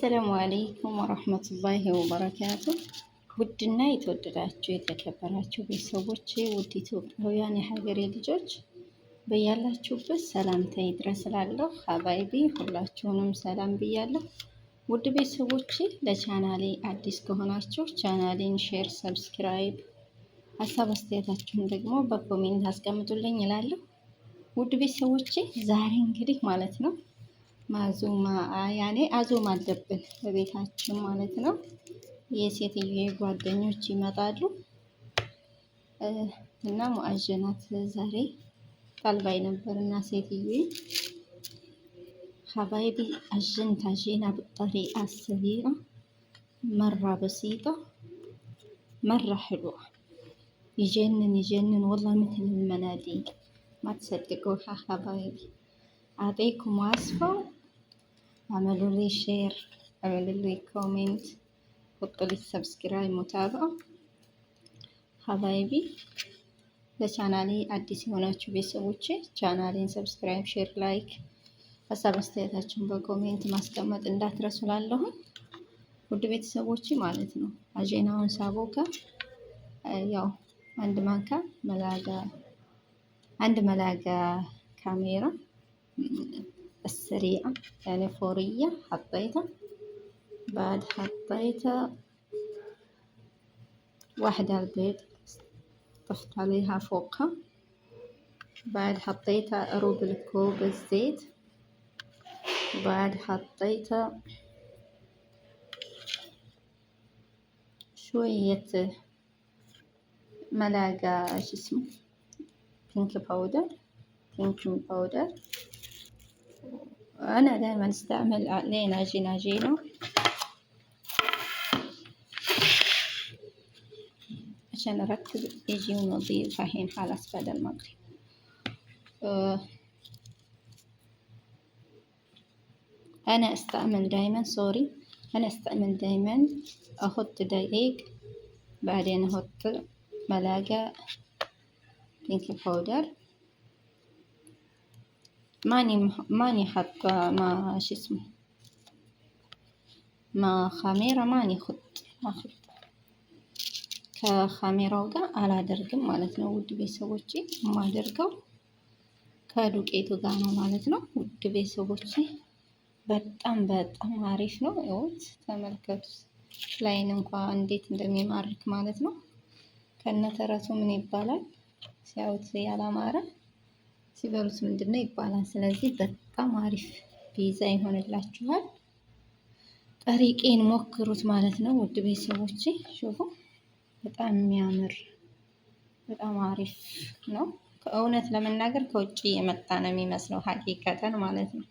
አሰላሙ አለይኩም ወረህመቱላሂ ወበረካቱ። ውድና የተወደዳችሁ የተከበራችሁ ቤተሰቦች፣ ውድ ኢትዮጵያውያን የሀገሬ ልጆች በያላችሁበት ሰላምታ ይድረስ እላለሁ። ሀባይቢ ሁላችሁንም ሰላም ብያለሁ። ውድ ቤተሰቦች ለቻናሌ አዲስ ከሆናችሁ ቻናሌን ሼር፣ ሰብስክራይብ፣ ሀሳብ አስተያየታችሁን ደግሞ በኮሜንት አስቀምጡልኝ ይላለሁ ውድ ቤተሰቦቼ ዛሬ እንግዲህ ማለት ነው ማዞማ ያኔ አዞም አለብን በቤታችን ማለት ነው። የሴትዮ ጓደኞች ይመጣሉ እና ሙአጀናት ዛሬ ጣልባይ ነበር እና ሴትዮ ሀባይቢ አጀንታ ጄና ብጠሪአ ሰሪራ መራ በሲጣ መራ ሕሉዋ ይጀንን ይጀንን ወላ ምትል ልመናዲ ማትሰድቀው ሀባይቢ አጤኩም አስፋው Amelulie ሼር amelulie comment, kutulis subscribe mutaaba ሀባይቢ ለቻናሌ አዲስ የሆናችሁ ቤተሰቦች ቻናሌን ሰብስክራይብ፣ ሼር፣ ላይክ ሀሳብ አስተያየታችሁን በኮሜንት ማስቀመጥ እንዳትረሱ። ላለሁኝ ውድ ቤተሰቦች ማለት ነው። አጀናውን ሳቦካ ያው አንድ ማንካ መላጋ አንድ መላጋ ካሜራ السريعة يعني فورية حطيته بعد حطيته واحدة البيض طفت عليها فوقها بعد حطيته ربع كوب الزيت بعد حطيته شوية ملعقة شو اسمه بينك باودر بينك باودر وأنا دائما أستعمل لينا جيناجينو عشان أرتب يجي ونظيف الحين خلاص بعد المغرب أه. أنا أستعمل دايما سوري أنا أستعمل دايما أحط دقيق بعدين أحط ملاقة بيكنج باودر ماني ماني حاطة ما شو اسمه ما خميرة ماني ከካሜራው ጋር አላደርግም ማለት ነው። ውድ ቤተሰቦቼ የማደርገው ከዱቄቱ ጋር ነው ማለት ነው። ውድ ቤተሰቦቼ በጣም በጣም አሪፍ ነው። ይኸውት ተመልከቱ፣ ላይን እንኳ እንዴት እንደሚማርክ ማለት ነው። ከነተረቱ ምን ይባላል ሲያዩት ያላማረ ሲበሉት ምንድን ነው ይባላል። ስለዚህ በጣም አሪፍ ፒዛ ይሆንላችኋል። ጠሪቄን ሞክሩት ማለት ነው ውድ ቤተሰቦቼ። ሽፉ በጣም የሚያምር በጣም አሪፍ ነው። ከእውነት ለመናገር ከውጭ የመጣ ነው የሚመስለው ሀቂቀተን ማለት ነው።